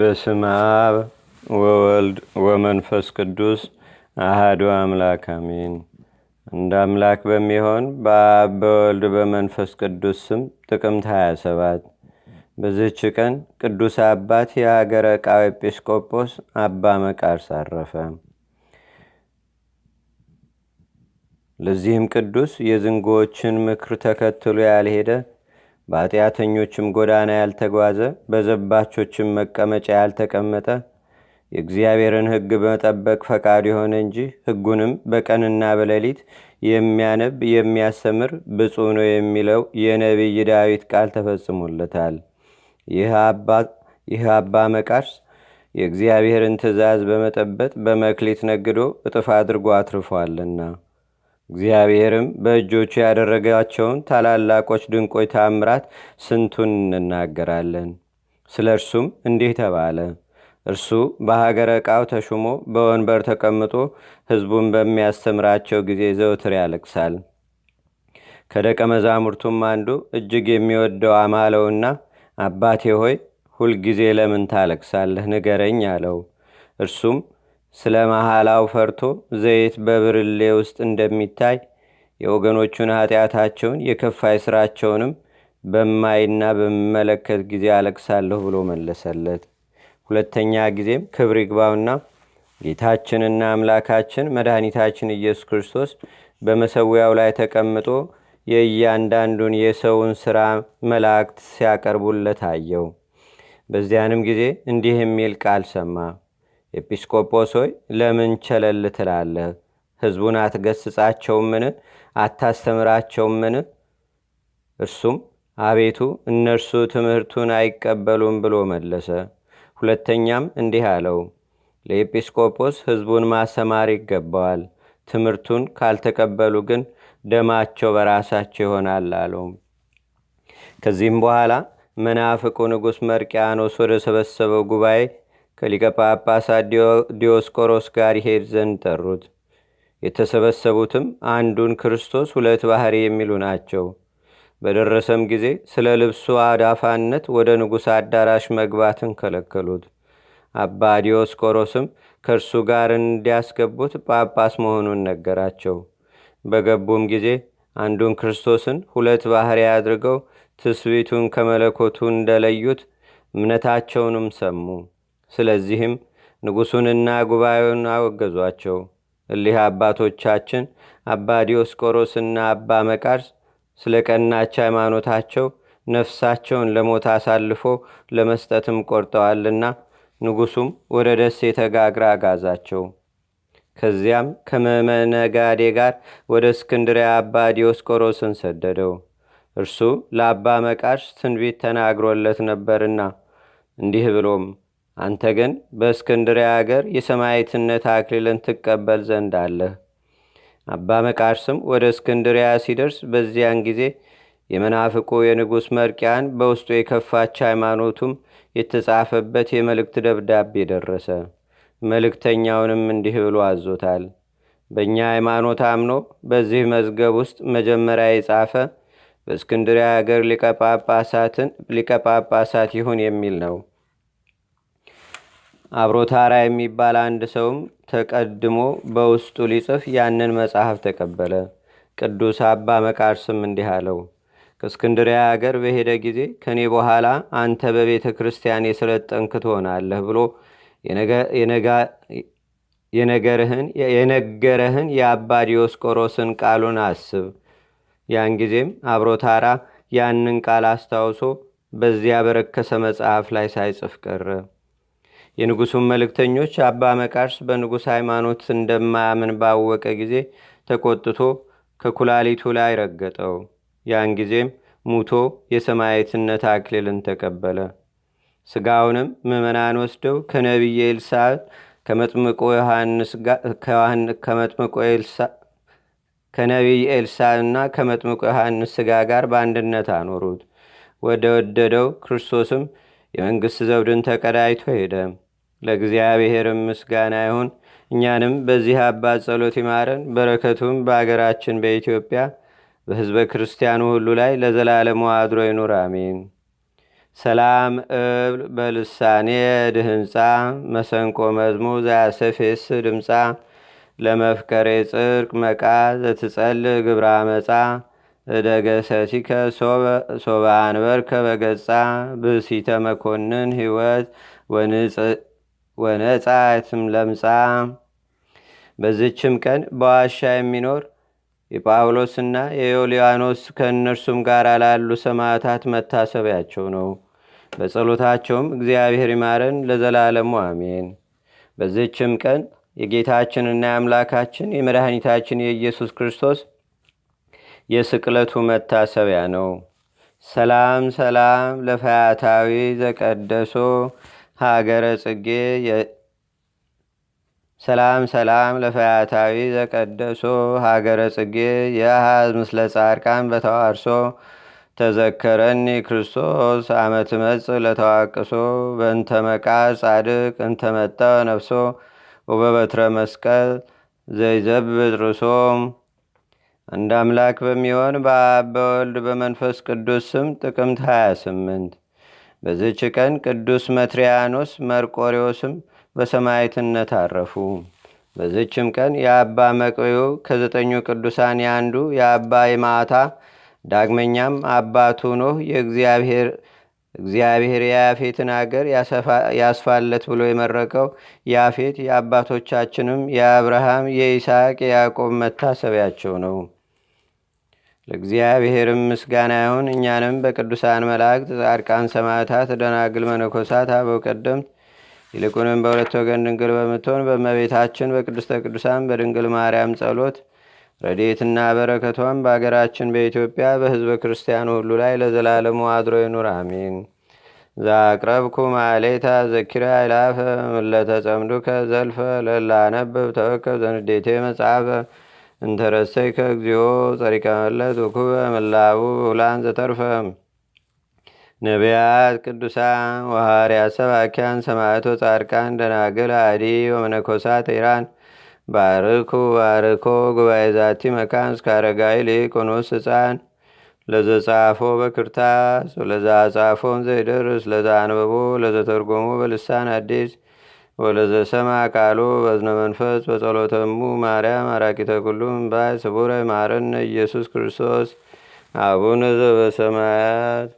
በስም አብ ወወልድ ወመንፈስ ቅዱስ አህዱ አምላክ አሜን። እንደ አምላክ በሚሆን በአብ በወልድ በመንፈስ ቅዱስ ስም ጥቅምት 27 በዚህች ቀን ቅዱስ አባት የሀገረ ቃው ኤጲስቆጶስ አባ መቃርስ አረፈ። ለዚህም ቅዱስ የዝንጎዎችን ምክር ተከትሎ ያልሄደ በኃጢአተኞችም ጎዳና ያልተጓዘ በዘባቾችም መቀመጫ ያልተቀመጠ የእግዚአብሔርን ሕግ በመጠበቅ ፈቃድ የሆነ እንጂ ሕጉንም በቀንና በሌሊት የሚያነብ የሚያስተምር ብፁ ነው የሚለው የነቢይ ዳዊት ቃል ተፈጽሞለታል። ይህ አባ መቃርስ የእግዚአብሔርን ትእዛዝ በመጠበጥ በመክሊት ነግዶ እጥፍ አድርጎ አትርፏልና። እግዚአብሔርም በእጆቹ ያደረጋቸውን ታላላቆች ድንቆይ ታምራት ስንቱን እንናገራለን። ስለ እርሱም እንዲህ ተባለ። እርሱ በሀገረ ዕቃው ተሹሞ በወንበር ተቀምጦ ሕዝቡን በሚያስተምራቸው ጊዜ ዘውትር ያለቅሳል። ከደቀ መዛሙርቱም አንዱ እጅግ የሚወደው አማለውና አባቴ ሆይ ሁልጊዜ ለምን ታለቅሳለህ? ንገረኝ አለው። እርሱም ስለ መሐላው ፈርቶ ዘይት በብርሌ ውስጥ እንደሚታይ የወገኖቹን ኃጢአታቸውን የከፋይ ስራቸውንም በማይና በምመለከት ጊዜ አለቅሳለሁ ብሎ መለሰለት። ሁለተኛ ጊዜም ክብር ይግባውና ጌታችንና አምላካችን መድኃኒታችን ኢየሱስ ክርስቶስ በመሰዊያው ላይ ተቀምጦ የእያንዳንዱን የሰውን ሥራ መላእክት ሲያቀርቡለት አየው። በዚያንም ጊዜ እንዲህ የሚል ቃል ሰማ። ኤጲስቆጶስ ሆይ ለምን ቸለል ትላለህ? ሕዝቡን አትገስጻቸውምን? አታስተምራቸውምን? እርሱም አቤቱ እነርሱ ትምህርቱን አይቀበሉም ብሎ መለሰ። ሁለተኛም እንዲህ አለው፣ ለኤጲስቆጶስ ሕዝቡን ማሰማር ይገባዋል። ትምህርቱን ካልተቀበሉ ግን ደማቸው በራሳቸው ይሆናል አለው። ከዚህም በኋላ መናፍቁ ንጉሥ መርቅያኖስ ወደ ሰበሰበው ጉባኤ ከሊቀ ጳጳሳት ዲዮስቆሮስ ጋር ይሄድ ዘንድ ጠሩት። የተሰበሰቡትም አንዱን ክርስቶስ ሁለት ባሕሪ የሚሉ ናቸው። በደረሰም ጊዜ ስለ ልብሱ አዳፋነት ወደ ንጉሥ አዳራሽ መግባትን ከለከሉት። አባ ዲዮስቆሮስም ከእርሱ ጋር እንዲያስገቡት ጳጳስ መሆኑን ነገራቸው። በገቡም ጊዜ አንዱን ክርስቶስን ሁለት ባሕሪ አድርገው ትስቢቱን ከመለኮቱ እንደለዩት እምነታቸውንም ሰሙ። ስለዚህም ንጉሡንና ጉባኤውን አወገዟቸው። እሊህ አባቶቻችን አባ ዲዮስቆሮስና አባ መቃርስ ስለ ቀናች ሃይማኖታቸው ነፍሳቸውን ለሞት አሳልፎ ለመስጠትም ቆርጠዋልና ንጉሡም ወደ ደሴ ተጋግራ አጋዛቸው። ከዚያም ከመመነጋዴ ጋር ወደ እስክንድሪያ አባ ዲዮስቆሮስን ሰደደው። እርሱ ለአባ መቃርስ ትንቢት ተናግሮለት ነበርና እንዲህ ብሎም አንተ ግን በእስክንድሪያ አገር የሰማይትነት አክሊልን ትቀበል ዘንድ አለህ። አባ መቃርስም ወደ እስክንድሪያ ሲደርስ በዚያን ጊዜ የመናፍቁ የንጉሥ መርቅያን በውስጡ የከፋች ሃይማኖቱም የተጻፈበት የመልእክት ደብዳቤ ደረሰ። መልእክተኛውንም እንዲህ ብሎ አዞታል። በእኛ ሃይማኖት አምኖ በዚህ መዝገብ ውስጥ መጀመሪያ የጻፈ በእስክንድሪያ አገር ሊቀጳጳሳትን ሊቀጳጳሳት ሊቀ ጳጳሳት ይሁን የሚል ነው። አብሮታራ የሚባል አንድ ሰውም ተቀድሞ በውስጡ ሊጽፍ ያንን መጽሐፍ ተቀበለ። ቅዱስ አባ መቃርስም እንዲህ አለው፣ ከእስክንድሪያ አገር በሄደ ጊዜ ከእኔ በኋላ አንተ በቤተ ክርስቲያን የስለጠንክ ትሆናለህ ብሎ የነገረህን የአባ ዲዮስቆሮስን ቃሉን አስብ። ያን ጊዜም አብሮታራ ያንን ቃል አስታውሶ በዚያ በረከሰ መጽሐፍ ላይ ሳይጽፍ ቀረ። የንጉሡም መልእክተኞች አባ መቃርስ በንጉሥ ሃይማኖት እንደማያምን ባወቀ ጊዜ ተቆጥቶ ከኩላሊቱ ላይ ረገጠው። ያን ጊዜም ሙቶ የሰማየትነት አክሊልን ተቀበለ። ስጋውንም ምዕመናን ወስደው ከነቢየ ኤልሳ ከመጥምቆ ዮሐንስ ከነቢይ ኤልሳዕና ከመጥምቆ ዮሐንስ ስጋ ጋር በአንድነት አኖሩት። ወደ ወደደው ክርስቶስም የመንግሥት ዘውድን ተቀዳይቶ ሄደም ለእግዚአብሔርም ምስጋና ይሁን። እኛንም በዚህ አባት ጸሎት ይማረን። በረከቱም በአገራችን በኢትዮጵያ በህዝበ ክርስቲያኑ ሁሉ ላይ ለዘላለሙ አድሮ ይኑር፣ አሜን። ሰላም እብል በልሳኔ ድህንፃ መሰንቆ መዝሙ ዘያሰፌስ ድምፃ ለመፍከሬ ጽድቅ መቃ ዘትጸል ግብራ መፃ እደገሰቲከ ሶበ አንበርከ በገጻ ብእሲተ መኮንን ህይወት ወንጽ ወነጻየትም ለምጻ በዝችም ቀን በዋሻ የሚኖር የጳውሎስና የዮልያኖስ ከእነርሱም ጋር ላሉ ሰማዕታት መታሰቢያቸው ነው። በጸሎታቸውም እግዚአብሔር ይማረን ለዘላለሙ አሜን። በዝችም ቀን የጌታችንና የአምላካችን የመድኃኒታችን የኢየሱስ ክርስቶስ የስቅለቱ መታሰቢያ ነው። ሰላም ሰላም ለፈያታዊ ዘቀደሶ ሀገረ ጽጌ ሰላም ሰላም ለፈያታዊ ዘቀደሶ ሀገረ ጽጌ የአሃዝ ምስለ ጻድቃን በተዋርሶ ተዘከረኒ ክርስቶስ አመት መጽ ለተዋቅሶ በእንተ መቃ ጻድቅ እንተመጠ ነፍሶ ወበበትረ መስቀል ዘይዘብጥ ርሶም እንደ አምላክ በሚሆን በአብ በወልድ በመንፈስ ቅዱስ ስም ጥቅምት 28 በዝች ቀን ቅዱስ መትሪያኖስ መርቆሪዎስም በሰማይትነት አረፉ። በዝችም ቀን የአባ መቅዩ ከዘጠኙ ቅዱሳን የአንዱ የአባ የማታ ዳግመኛም አባቱ ኖህ የእግዚአብሔር እግዚአብሔር የያፌትን አገር ያስፋለት ብሎ የመረቀው ያፌት የአባቶቻችንም የአብርሃም የይስሐቅ የያዕቆብ መታሰቢያቸው ነው። ለእግዚአብሔርም ምስጋና ይሁን። እኛንም በቅዱሳን መላእክት፣ ጻድቃን፣ ሰማዕታት፣ ደናግል፣ መነኮሳት፣ አበው ቀደምት ይልቁንም በሁለት ወገን ድንግል በምትሆን በመቤታችን በቅድስተ ቅዱሳን በድንግል ማርያም ጸሎት ረዴትና በረከቷም በአገራችን በኢትዮጵያ በህዝበ ክርስቲያኑ ሁሉ ላይ ለዘላለሙ አድሮ ይኑር፣ አሜን። ዛቅረብኩ ማሌታ ዘኪራ ይላፈ ጸምዱከ ዘልፈ ለላነብብ ተወከብ ዘንዴቴ መጽሐፈ እንተረሰይ ከእግዚኦ ጸሪቀመለት ውኩበ መላቡ ብሁላን ዘተርፈ ነቢያት፣ ቅዱሳን ወሃርያ ሰባኪያን፣ ሰማእቶ ጻድቃን፣ ደናግል፣ አዲ ወመነኮሳት ኢራን ባርኩ ባርኮ ጉባኤ ዛቲ መካን እስከ ሊቅ ቁኑስ ህፃን ለዘጻፎ በክርታስ ለዛ ጻፎን ዘይደርስ ለዛ አንበቦ ለዘተርጎሙ በልሳን አዲስ ሰማ ቃሉ በዝነ መንፈስ በጸሎተሙ ማርያም አራቂተ ኩሉም ባይ ስቡረ ማረነ ኢየሱስ ክርስቶስ አቡነ ዘበሰማያት